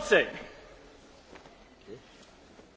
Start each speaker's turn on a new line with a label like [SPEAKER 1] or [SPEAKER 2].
[SPEAKER 1] Przewodniczący!